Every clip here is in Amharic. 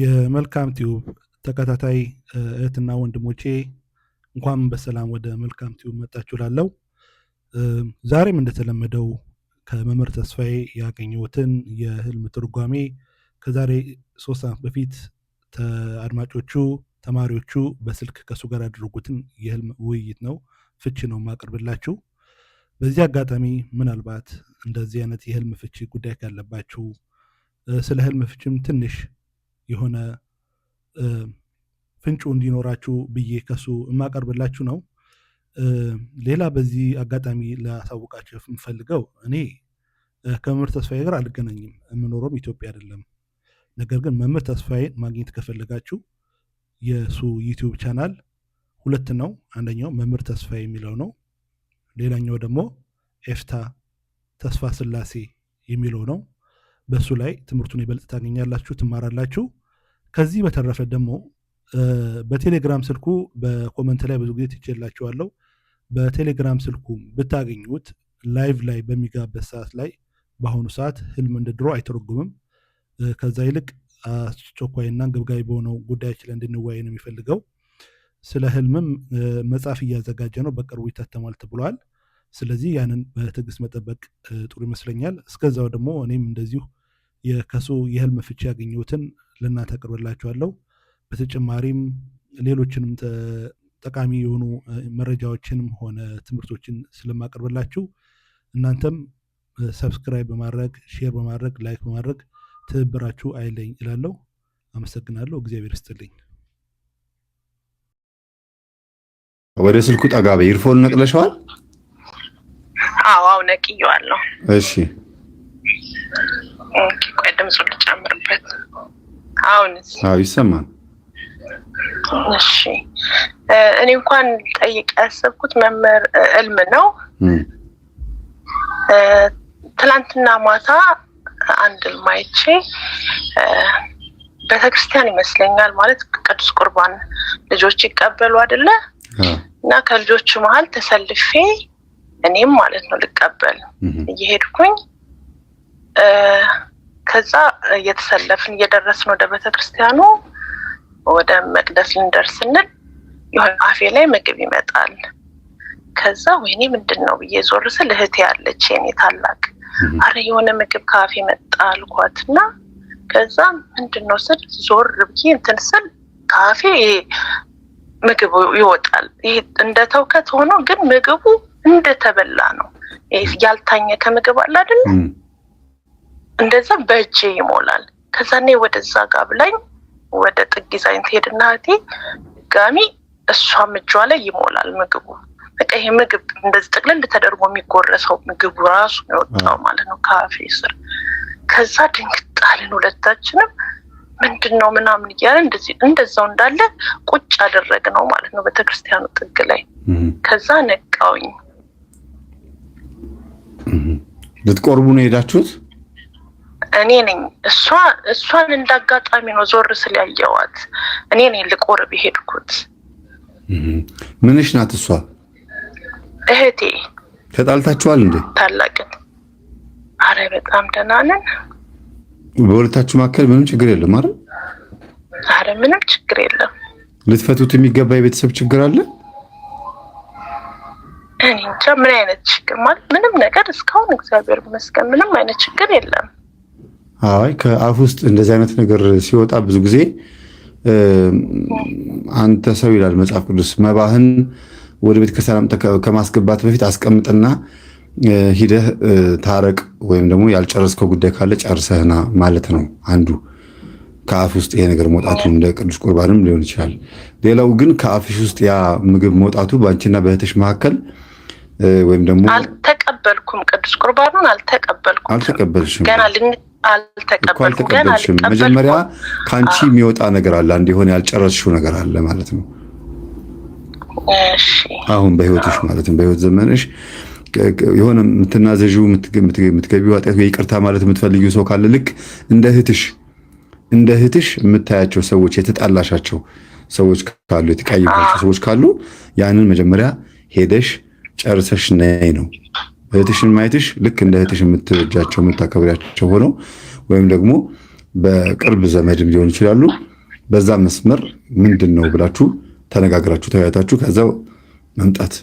የመልካም ቲዩብ ተከታታይ እህትና ወንድሞቼ እንኳን በሰላም ወደ መልካም ቲዩብ መጣችሁ ላለው ዛሬም እንደተለመደው ከመምህር ተስፋዬ ያገኘሁትን የህልም ትርጓሜ ከዛሬ ሶስት ዓመት በፊት አድማጮቹ፣ ተማሪዎቹ በስልክ ከእሱ ጋር ያደረጉትን የህልም ውይይት ነው ፍቺ ነው የማቀርብላችሁ። በዚህ አጋጣሚ ምናልባት እንደዚህ አይነት የህልም ፍቺ ጉዳይ ካለባችሁ ስለ ህልም ፍቺም ትንሽ የሆነ ፍንጩ እንዲኖራችሁ ብዬ ከሱ የማቀርብላችሁ ነው። ሌላ በዚህ አጋጣሚ ላሳውቃችሁ የምፈልገው እኔ ከመምህር ተስፋዬ ጋር አልገናኝም፣ የምኖረውም ኢትዮጵያ አይደለም። ነገር ግን መምህር ተስፋዬን ማግኘት ከፈለጋችሁ የእሱ ዩቲዩብ ቻናል ሁለት ነው። አንደኛው መምህር ተስፋዬ የሚለው ነው። ሌላኛው ደግሞ ኤፍታ ተስፋ ስላሴ የሚለው ነው። በእሱ ላይ ትምህርቱን ይበልጥ ታገኛላችሁ፣ ትማራላችሁ። ከዚህ በተረፈ ደግሞ በቴሌግራም ስልኩ በኮመንት ላይ ብዙ ጊዜ ትችላቸዋለው። በቴሌግራም ስልኩ ብታገኙት ላይቭ ላይ በሚጋበት ሰዓት ላይ በአሁኑ ሰዓት ህልም እንደ ድሮ አይተረጉምም። ከዛ ይልቅ አስቸኳይና ግብጋዊ በሆነው ጉዳዮች ላይ እንድንወያይ ነው የሚፈልገው። ስለ ህልምም መጽሐፍ እያዘጋጀ ነው፣ በቅርቡ ይታተማል ተብሏል። ስለዚህ ያንን በትዕግስት መጠበቅ ጥሩ ይመስለኛል። እስከዛው ደግሞ እኔም እንደዚሁ ከሱ የህልም ፍቺ ያገኘሁትን ለእናንተ አቀርብላችኋለሁ። በተጨማሪም ሌሎችንም ጠቃሚ የሆኑ መረጃዎችንም ሆነ ትምህርቶችን ስለማቀርብላችሁ እናንተም ሰብስክራይብ በማድረግ ሼር በማድረግ ላይክ በማድረግ ትብብራችሁ አይለኝ እላለሁ። አመሰግናለሁ። እግዚአብሔር ይስጥልኝ። ወደ ስልኩ ጠጋ በይ። ኢርፎን ነቅለሸዋል? አዎ አዎ ነቅየዋለሁ። እሺ ቆይ ድምፁን ልጨምርበት። አዎ ይሰማል። እሺ እኔ እንኳን ጠይቅ ያሰብኩት መምህር እልም ነው። ትላንትና ማታ አንድ እልም አይቼ ቤተክርስቲያን ይመስለኛል ማለት ቅዱስ ቁርባን ልጆች ይቀበሉ አይደለ? እና ከልጆቹ መሀል ተሰልፌ እኔም ማለት ነው ልቀበል እየሄድኩኝ ከዛ እየተሰለፍን እየደረስን ወደ ቤተክርስቲያኑ ወደ መቅደስ ልንደርስ ስንል የሆነ አፌ ላይ ምግብ ይመጣል። ከዛ ወይኔ ምንድን ነው ብዬ ዞር ስል እህቴ ያለች የኔ ታላቅ፣ አረ የሆነ ምግብ ከአፌ መጣ አልኳት እና ከዛ ምንድን ነው ስል ዞር ብዬ እንትን ስል ከአፌ ምግቡ ይወጣል። ይህ እንደ ተውከት ሆኖ ግን ምግቡ እንደተበላ ነው። ያልታኘ ከምግብ አለ አይደለ? እንደዛ በእጄ ይሞላል። ከዛኔ ወደዛ ጋር ብላኝ ወደ ጥግ ይዛኝ ትሄድና እህቴ ድጋሚ እሷም እጇ ላይ ይሞላል ምግቡ። በቃ ይሄ ምግብ እንደዚህ ጥቅልል ተደርጎ የሚጎረሰው ምግቡ ራሱ የወጣው ማለት ነው ካፌ ስር። ከዛ ድንግጣልን ሁለታችንም ምንድን ነው ምናምን እያለ እንደዚህ እንደዛው እንዳለ ቁጭ አደረግ ነው ማለት ነው ቤተክርስቲያኑ ጥግ ላይ። ከዛ ነቃውኝ። ልትቆርቡ ነው የሄዳችሁት? እኔ ነኝ እሷ እሷን እንዳጋጣሚ ነው ዞር ስለያየዋት እኔ ነኝ ልቆርብ ብሄድኩት። ምንሽ ናት እሷ? እህቴ። ተጣልታችኋል እንዴ? ታላቅን። አረ በጣም ደህና ነን። በሁለታችሁ መካከል ምንም ችግር የለም? አረ አረ ምንም ችግር የለም። ልትፈቱት የሚገባ የቤተሰብ ችግር አለ? እኔ እንጃ ምን አይነት ችግር ማለት ምንም ነገር እስካሁን እግዚአብሔር ይመስገን ምንም አይነት ችግር የለም። አይ ከአፍ ውስጥ እንደዚህ አይነት ነገር ሲወጣ ብዙ ጊዜ አንተ ሰው ይላል መጽሐፍ ቅዱስ መባህን ወደ ቤተ ክርስቲያን ከማስገባት በፊት አስቀምጥና ሂደህ ታረቅ፣ ወይም ደግሞ ያልጨረስከው ጉዳይ ካለ ጨርሰህና ማለት ነው። አንዱ ከአፍ ውስጥ ይሄ ነገር መውጣቱ እንደ ቅዱስ ቁርባንም ሊሆን ይችላል። ሌላው ግን ከአፍሽ ውስጥ ያ ምግብ መውጣቱ በአንቺና በእህትሽ መካከል ወይም ደግሞ አልተቀበልኩም፣ ቅዱስ ቁርባኑን አልተቀበልኩም፣ አልተቀበልሽም ገና አልተቀበልኩም። መጀመሪያ ከአንቺ የሚወጣ ነገር አለ፣ አንድ የሆነ ያልጨረስሽው ነገር አለ ማለት ነው። አሁን በህይወትሽ ማለት ነው፣ በህይወት ዘመንሽ የሆነ የምትናዘዥው የምትገቢው ኃጢአት ይቅርታ ማለት የምትፈልጊው ሰው ካለ ልክ እንደ እህትሽ እንደ እህትሽ የምታያቸው ሰዎች የተጣላሻቸው ሰዎች ካሉ የተቀየማቸው ሰዎች ካሉ ያንን መጀመሪያ ሄደሽ ጨርሰሽ ነይ ነው እህትሽን ማየትሽ ልክ እንደ እህትሽ የምትወጃቸው የምታከብሪያቸው ሆነው ወይም ደግሞ በቅርብ ዘመድም ሊሆን ይችላሉ። በዛ መስመር ምንድን ነው ብላችሁ ተነጋግራችሁ ተወያታችሁ ከዛ መምጣት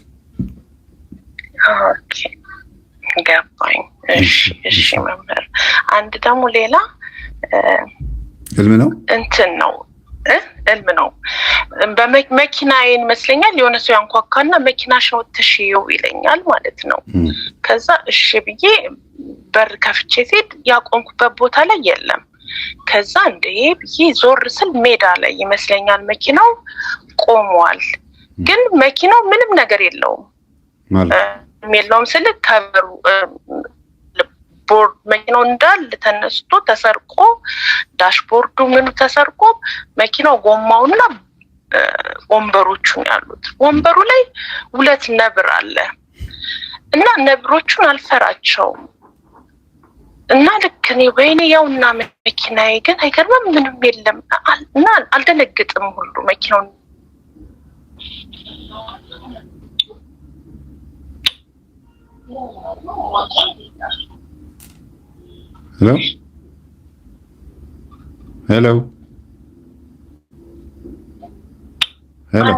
ገባኝ። አንድ ደግሞ ሌላ ህልም ነው እንትን ነው እልም ነው። በመኪና ይመስለኛል የሆነ ሰው ያንኳኳና መኪና ወጥተሽ ይኸው ይለኛል ማለት ነው። ከዛ እሺ ብዬ በር ከፍቼ ሲሄድ ያቆምኩበት ቦታ ላይ የለም። ከዛ እንደ ብዬ ዞር ስል ሜዳ ላይ ይመስለኛል መኪናው ቆሟል። ግን መኪናው ምንም ነገር የለውም የለውም ስል ከበሩ ዳሽቦርድ መኪናው እንዳል ተነስቶ ተሰርቆ ዳሽቦርዱ ምኑ ተሰርቆ መኪናው ጎማውና ወንበሮቹ ያሉት ወንበሩ ላይ ሁለት ነብር አለ እና ነብሮቹን አልፈራቸውም። እና ልክ እኔ ወይኔ ያውና መኪናዬ ግን አይገርምም፣ ምንም የለም እና አልደነግጥም ሁሉ መኪናውን ሄሎ ሄሎ ሄሎ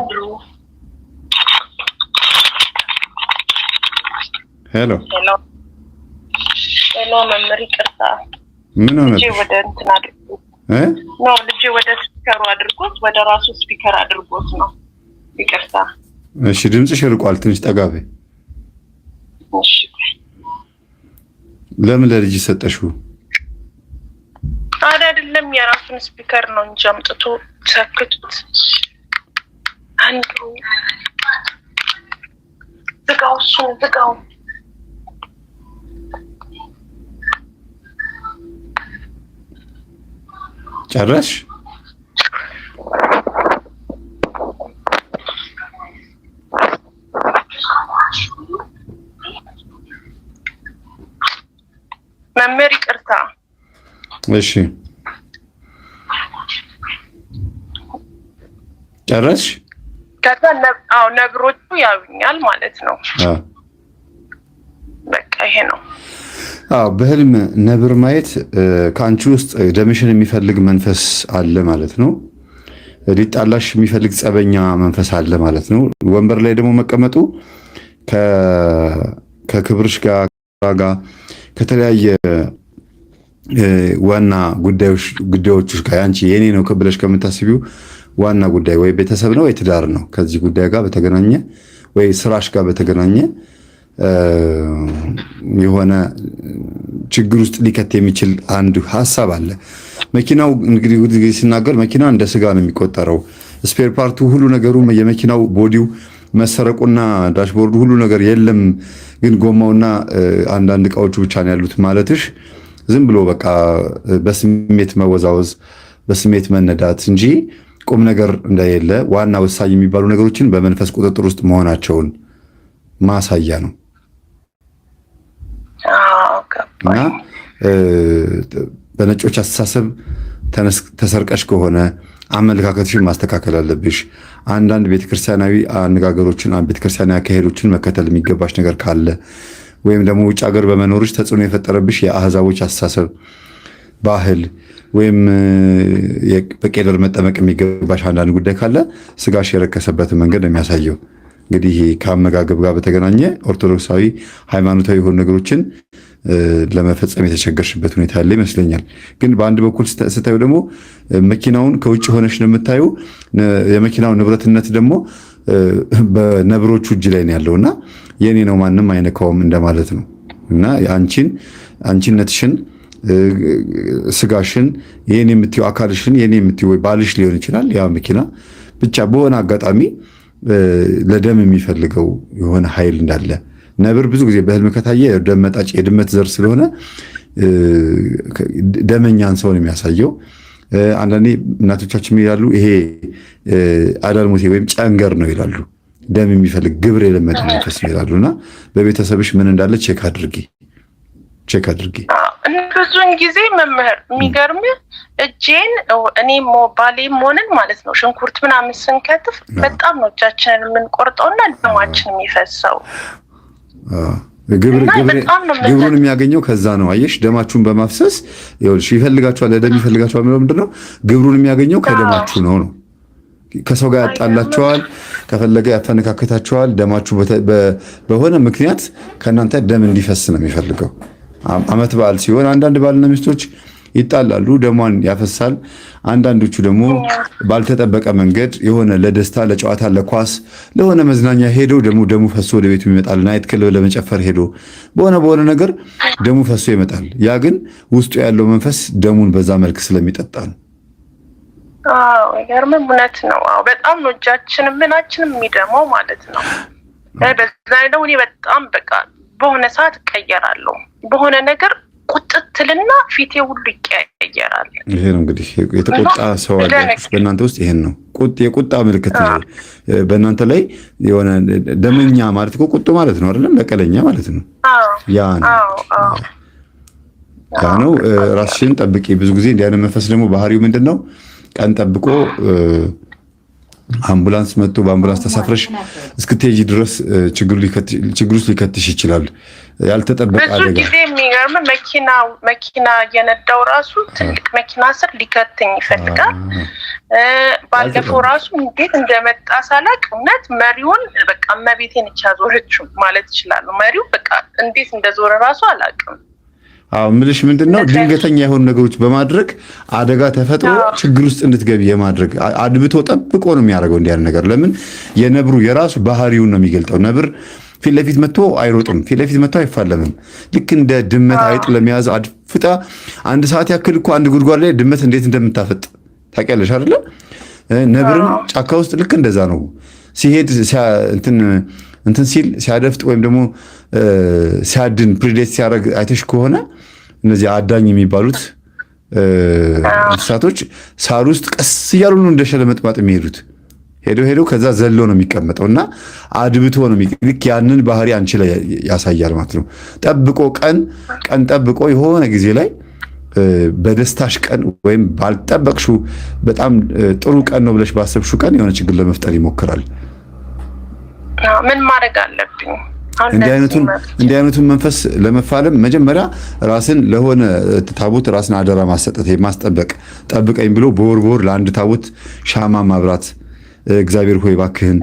ሄሎ ሄሎ መምህር ይቅርታ፣ ምን ሆነ? ወደ እንትን አድርጎ ነው ልጄ ወደ ስፒከሩ አድርጎት ወደ ራሱ ስፒከር አድርጎት ነው። ይቅርታ። እሺ፣ ድምፅሽ ርቋል። ትንሽ ጠጋ በይ። ለምን ለልጅ ሰጠሽው? አድ አይደለም የራሱን ስፒከር ነው እንጂ አምጥቶ ሰክቱት። አንዱ ዝጋው፣ እሱ ዝጋው። ጨረሽ እሺ ጨረስሽ? ከዛ ነብሮቹ ያዩኛል ማለት ነው። በቃ ይሄ ነው። አዎ፣ በህልም ነብር ማየት ከአንቺ ውስጥ ደምሽን የሚፈልግ መንፈስ አለ ማለት ነው። ሊጣላሽ የሚፈልግ ጸበኛ መንፈስ አለ ማለት ነው። ወንበር ላይ ደግሞ መቀመጡ ከክብርሽ ጋር ጋር ከተለያየ ዋና ጉዳዮች ጋር አንቺ የኔ ነው ብለሽ ከምታስቢው ዋና ጉዳይ ወይ ቤተሰብ ነው ወይ ትዳር ነው። ከዚህ ጉዳይ ጋር በተገናኘ ወይ ስራሽ ጋር በተገናኘ የሆነ ችግር ውስጥ ሊከት የሚችል አንድ ሀሳብ አለ። መኪናው እንግዲህ ሁል ጊዜ ሲናገር መኪና እንደ ስጋ ነው የሚቆጠረው። ስፔር ፓርቱ ሁሉ ነገሩ የመኪናው ቦዲው መሰረቁና ዳሽቦርዱ ሁሉ ነገር የለም፣ ግን ጎማውና አንዳንድ እቃዎቹ ብቻ ነው ያሉት ማለትሽ ዝም ብሎ በቃ በስሜት መወዛወዝ በስሜት መነዳት እንጂ ቁም ነገር እንደሌለ ዋና ወሳኝ የሚባሉ ነገሮችን በመንፈስ ቁጥጥር ውስጥ መሆናቸውን ማሳያ ነው እና በነጮች አስተሳሰብ ተሰርቀሽ ከሆነ አመለካከትሽን ማስተካከል አለብሽ። አንዳንድ ቤተክርስቲያናዊ አነጋገሮችን፣ ቤተክርስቲያናዊ አካሄዶችን መከተል የሚገባሽ ነገር ካለ ወይም ደግሞ ውጭ ሀገር በመኖርሽ ተጽዕኖ የፈጠረብሽ የአህዛቦች አስተሳሰብ፣ ባህል ወይም በቄደር መጠመቅ የሚገባሽ አንዳንድ ጉዳይ ካለ ስጋሽ የረከሰበትን መንገድ ነው የሚያሳየው። እንግዲህ ከአመጋገብ ጋር በተገናኘ ኦርቶዶክሳዊ ሃይማኖታዊ የሆኑ ነገሮችን ለመፈጸም የተቸገርሽበት ሁኔታ ያለ ይመስለኛል። ግን በአንድ በኩል ስታዩ ደግሞ መኪናውን ከውጭ ሆነሽ ነው የምታዩ። የመኪናው ንብረትነት ደግሞ በነብሮቹ እጅ ላይ ነው ያለውና የኔ ነው ማንም አይነካውም እንደማለት ነው እና አንቺን አንቺነትሽን ስጋሽን ይህን የምትይው አካልሽን ይህን የምትይው ባልሽ ሊሆን ይችላል። ያ መኪና ብቻ በሆነ አጋጣሚ ለደም የሚፈልገው የሆነ ኃይል እንዳለ ነብር ብዙ ጊዜ በህልም ከታየ ደም መጣጭ የድመት ዘር ስለሆነ ደመኛን ሰውን የሚያሳየው አንዳንዴ እናቶቻችን ይላሉ፣ ይሄ አዳልሞቴ ወይም ጨንገር ነው ይላሉ። ደም የሚፈልግ ግብር የለመደ መንፈስ ይላሉ በቤተሰብሽ ምን እንዳለ ቼክ አድርጊ፣ ቼክ አድርጊ። ብዙን ጊዜ መምህር የሚገርም እጄን እኔ ባሌ ሆንን ማለት ነው ሽንኩርት ምናምን ስንከትፍ በጣም ነው እጃችንን የምንቆርጠው እና ደማችን የሚፈሰው ግብሩን የሚያገኘው ከዛ ነው። አየሽ ደማችሁን በማፍሰስ ይፈልጋችኋል። ደም ይፈልጋችኋል ምንድን ነው ግብሩን የሚያገኘው ከደማችሁ ነው ነው ከሰው ጋር ያጣላቸዋል፣ ከፈለገ ያተነካከታቸዋል። ደማችሁ በሆነ ምክንያት ከእናንተ ደም እንዲፈስ ነው የሚፈልገው። አመት በዓል ሲሆን አንዳንድ ባልና ሚስቶች ይጣላሉ፣ ደሟን ያፈሳል። አንዳንዶቹ ደግሞ ባልተጠበቀ መንገድ የሆነ ለደስታ፣ ለጨዋታ፣ ለኳስ፣ ለሆነ መዝናኛ ሄዶ ደግሞ ደሙ ፈሶ ወደ ቤቱ ይመጣል። ናይት ክለብ ለመጨፈር ሄዶ በሆነ በሆነ ነገር ደሙ ፈሶ ይመጣል። ያ ግን ውስጡ ያለው መንፈስ ደሙን በዛ መልክ ስለሚጠጣ ነው። ይገርምም እውነት ነው። በጣም ነው እጃችንም ምናችንም የሚደማው ማለት ነው። በዛ ደግሞ እኔ በጣም በቃ በሆነ ሰዓት እቀየራለሁ በሆነ ነገር ቁጥትልና ፊቴ ሁሉ ይቀያየራል። ይሄ ነው እንግዲህ የተቆጣ ሰው አለ በእናንተ ውስጥ ይሄን ነው የቁጣ ምልክት ነው በእናንተ ላይ የሆነ ደመኛ ማለት ቁጡ ማለት ነው አይደለም? በቀለኛ ማለት ነው። ያ ነው ያ ነው። ራስሽን ጠብቂ። ብዙ ጊዜ እንዲያነ መንፈስ ደግሞ ባህሪው ምንድን ነው? ቀን ጠብቆ አምቡላንስ መጥቶ በአምቡላንስ ተሳፍረሽ እስክትሄጂ ድረስ ችግር ውስጥ ሊከትሽ ይችላል። ያልተጠበቀ ብዙ ጊዜ የሚገርም መኪና መኪና እየነዳው ራሱ ትልቅ መኪና ስር ሊከትኝ ይፈልጋል። ባለፈው ራሱ እንዴት እንደመጣ ሳላቅ እውነት መሪውን በቃ እመቤቴን እቻ ዞረችው ማለት ይችላሉ። መሪው በቃ እንዴት እንደዞረ ራሱ አላውቅም። አዎ ምልሽ ምንድን ነው ድንገተኛ የሆኑ ነገሮች በማድረግ አደጋ ተፈጥሮ ችግር ውስጥ እንድትገቢ የማድረግ አድብቶ ጠብቆ ነው የሚያደርገው እንዲያን ነገር። ለምን የነብሩ የራሱ ባህሪውን ነው የሚገልጠው። ነብር ፊት ለፊት መጥቶ አይሮጥም፣ ፊት ለፊት መጥቶ አይፋለምም። ልክ እንደ ድመት አይጥ ለመያዝ አድፍጣ አንድ ሰዓት ያክል እኮ አንድ ጉድጓድ ላይ ድመት እንዴት እንደምታፈጥ ታውቂያለሽ አይደለ? ነብርም ጫካ ውስጥ ልክ እንደዛ ነው ሲሄድ እንትን ሲል ሲያደፍጥ ወይም ደግሞ ሲያድን ፕሪዴት ሲያደርግ አይተሽ ከሆነ እነዚህ አዳኝ የሚባሉት እንስሳቶች ሳር ውስጥ ቀስ እያሉ ነው እንደሸለ መጥማጥ የሚሄዱት። ሄዶ ሄዶ ከዛ ዘሎ ነው የሚቀመጠው እና አድብቶ ነው። ልክ ያንን ባህሪ አንቺ ላይ ያሳያል ማለት ነው። ጠብቆ ቀን ቀን ጠብቆ የሆነ ጊዜ ላይ በደስታሽ ቀን ወይም ባልጠበቅሹ በጣም ጥሩ ቀን ነው ብለሽ ባሰብሹ ቀን የሆነ ችግር ለመፍጠር ይሞክራል። ምን ማድረግ አለብኝ? እንዲህ አይነቱን መንፈስ ለመፋለም መጀመሪያ ራስን ለሆነ ታቦት ራስን አደራ ማሰጠት ማስጠበቅ፣ ጠብቀኝ ብሎ በወር በወር ለአንድ ታቦት ሻማ ማብራት፣ እግዚአብሔር ሆይ ባክህን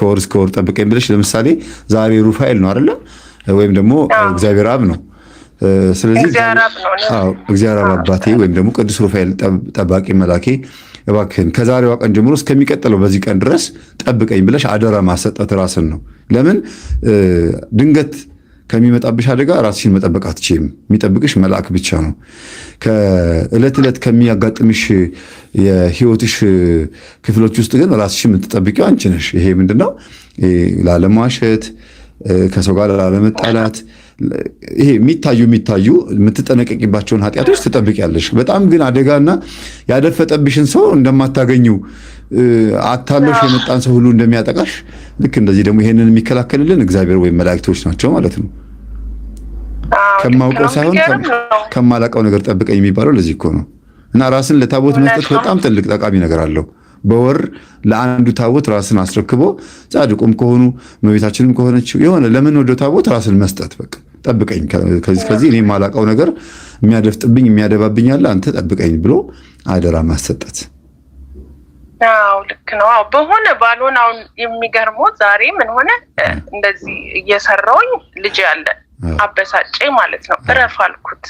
ከወር እስከ ወር ጠብቀኝ ብለሽ ለምሳሌ ዛሬ ሩፋኤል ነው አይደለ? ወይም ደግሞ እግዚአብሔር አብ ነው። ስለዚህ እግዚአብሔር አብ አባቴ ወይም ደግሞ ቅዱስ ሩፋኤል ጠባቂ መላኬ እባክህን ከዛሬዋ ቀን ጀምሮ እስከሚቀጥለው በዚህ ቀን ድረስ ጠብቀኝ ብለሽ አደራ ማሰጠት ራስን ነው። ለምን ድንገት ከሚመጣብሽ አደጋ ራስሽን መጠበቅ አትችም። የሚጠብቅሽ መልአክ ብቻ ነው። ከእለት ዕለት ከሚያጋጥምሽ የህይወትሽ ክፍሎች ውስጥ ግን ራስሽን የምትጠብቂው አንቺ ነሽ። ይሄ ምንድነው? ላለመዋሸት፣ ከሰው ጋር ላለመጣላት ይሄ የሚታዩ የሚታዩ የምትጠነቀቂባቸውን ኃጢአቶች ትጠብቂያለሽ። በጣም ግን አደጋና ያደፈጠብሽን ሰው እንደማታገኘው አታለሽ የመጣን ሰው ሁሉ እንደሚያጠቃሽ ልክ እንደዚህ ደግሞ ይሄንን የሚከላከልልን እግዚአብሔር ወይም መላእክቶች ናቸው ማለት ነው። ከማውቀው ሳይሆን ከማላቀው ነገር ጠብቀኝ የሚባለው ለዚህ እኮ ነው። እና ራስን ለታቦት መስጠት በጣም ትልቅ ጠቃሚ ነገር አለው። በወር ለአንዱ ታቦት ራስን አስረክቦ ጻድቁም ከሆኑ መቤታችንም ከሆነችው የሆነ ለምን ወደ ታቦት ራስን መስጠት በቃ ጠብቀኝ፣ ከዚህ ከዚህ እኔ የማላውቀው ነገር የሚያደፍጥብኝ የሚያደባብኝ አንተ ጠብቀኝ ብሎ አደራ ማሰጠት። አዎ ልክ ነው። አዎ በሆነ ባልሆን አሁን የሚገርመው ዛሬ ምን ሆነ እንደዚህ እየሰራውኝ ልጅ ያለ አበሳጨ ማለት ነው። እረፍ አልኩት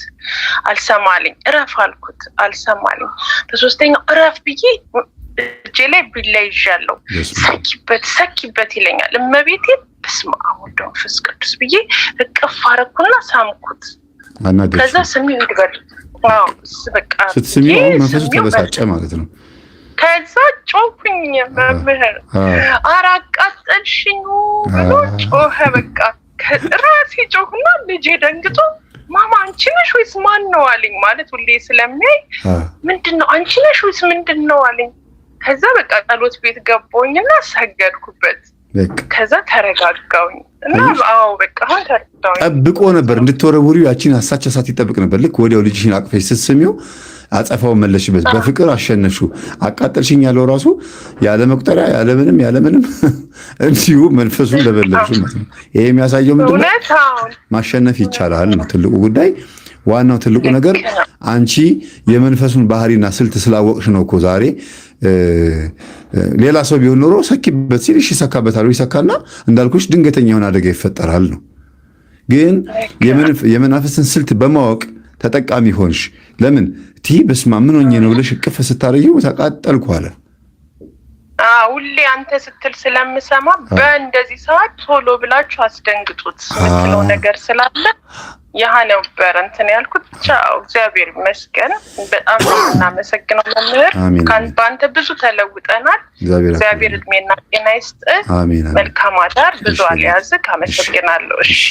አልሰማልኝ፣ እረፍ አልኩት አልሰማልኝ። በሶስተኛው እረፍ ብዬ እጄ ላይ ቢላ ይዣለሁ፣ ሰኪበት ሰኪበት ይለኛል። እመቤቴ በስመ አብ ወወልድ ወመንፈስ ቅዱስ ብዬ እቅፍ አረኩና ሳምኩት። ከዛ ስሚ ይድበል በቃ መንፈሱ ተበሳጨ ማለት ነው። ከዛ ጮኩኝ፣ መምህር ኧረ ብሎ ጮኸ። በቃ ራሴ ጮኩና ልጄ ደንግጦ ማማ አንቺ ነሽ ወይስ ማን ነው አለኝ። ማለት ሁሌ ስለሚያይ ምንድን ነው አንቺ ነሽ ወይስ ምንድን ነው አለኝ። ከዛ በቃ ጸሎት ቤት ገቦኝ እና ሰገድኩበት። ከዛ ተረጋጋውኝ እና አዎ በቃ ጠብቆ ነበር እንድትወረውሪ ያቺን አሳች እሳት ይጠብቅ ነበር። ልክ ወዲያው ልጅሽን አቅፈሽ ስትስሚው አጸፋው መለሽበት። በፍቅር አሸነፍሽው። አቃጠልሽኝ ያለው ራሱ ያለ መቁጠሪያ ያለምንም ያለምንም እንዲሁ መንፈሱን ለበለብሽ ማለት ነው። ይሄ የሚያሳየው ምንድነው? ማሸነፍ ይቻላል ነው ትልቁ ጉዳይ። ዋናው ትልቁ ነገር አንቺ የመንፈሱን ባህሪና ስልት ስላወቅሽ ነው እኮ ዛሬ ሌላ ሰው ቢሆን ኖሮ ሰኪበት ሲል እሺ ይሰካበታል፣ ይሰካና እንዳልኩሽ ድንገተኛ የሆነ አደጋ ይፈጠራል ነው። ግን የመናፍስን ስልት በማወቅ ተጠቃሚ ሆንሽ። ለምን ቲ በስማ ምን ሆኜ ነው ብለሽ እቅፍ ስታረጊው ተቃጠልኩ አለ። ሁሌ አንተ ስትል ስለምሰማ በእንደዚህ ሰዓት ቶሎ ብላችሁ አስደንግጡት ምትለው ነገር ስላለ ያህ ነበር እንትን ያልኩት። ብቻ እግዚአብሔር ይመስገን በጣም እናመሰግነው መምህር፣ በአንተ ብዙ ተለውጠናል። እግዚአብሔር እድሜና ጤና ይስጥ። መልካም አዳር። ብዙ አልያዝህ። አመሰግናለሁ። እሺ